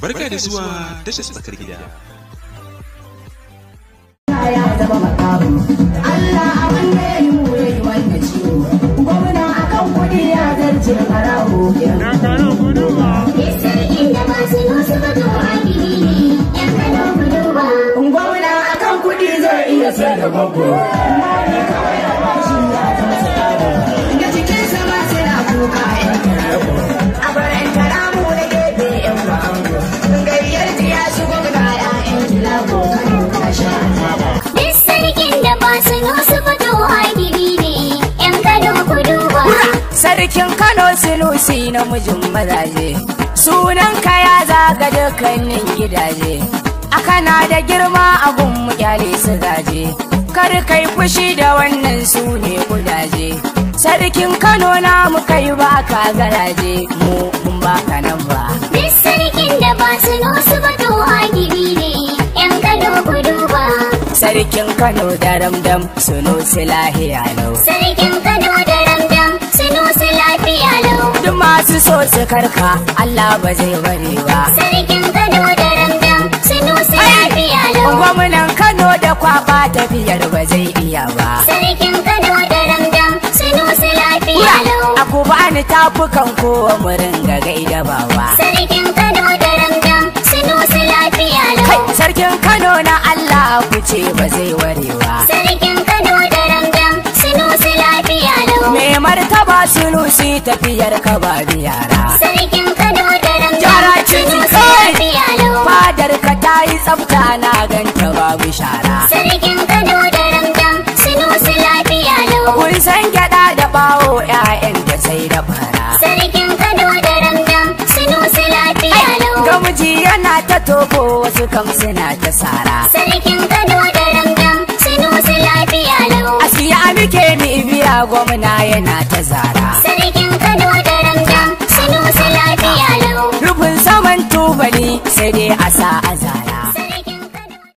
Barka da zuwa tashar tsakar gida. ya gwamna akan kan kudi zai iya sai da gwaggo. a sarkin kano na namijin mazaje sunanka ya zaga dukkanin gidaje na da girma abun mu kyale su gaje kar kai fushi da wannan su ne gudaje sarkin kano na mu kai ba ka garaje mu mun ba ka nan ba duk sarkin da ba su nusu ba to hagibi ne yan kano ku ba. sarkin kano daramdam su lahiya lau sarkin kano so su karka Allah ba zai bari ba. Sarkin Kano da sun Sunusi lafiya lau. Gwamnan Kano da kwaba tafiyar ba zai iya ba. Sarkin Kano da Ramdam Sunusi lafiya lau. A ku ni tafukan ko mu ringa gaida bawa. Sarkin Kano da sun Sunusi lafiya lau. Sarkin Kano na Allah ku ce ba zai ware ba. Sarkin martaba sulusi tafiyar ka ba biyara sarkin kano daren jara cikin kai fadar ka ta yi tsafta na ganta babu shara sarkin kano daren jam sulusi lafiya lau kun san gyada da bawo ƴaƴan da sai da fara sarkin kano daren jam sulusi lafiya lau gamji yana ta tobo wasu kam suna ta sara sarkin kano gwamna gwamna yana ta zara sarkin kano da ramdam sanu lafiya lau rufin saman tubali sai dai a sa a zara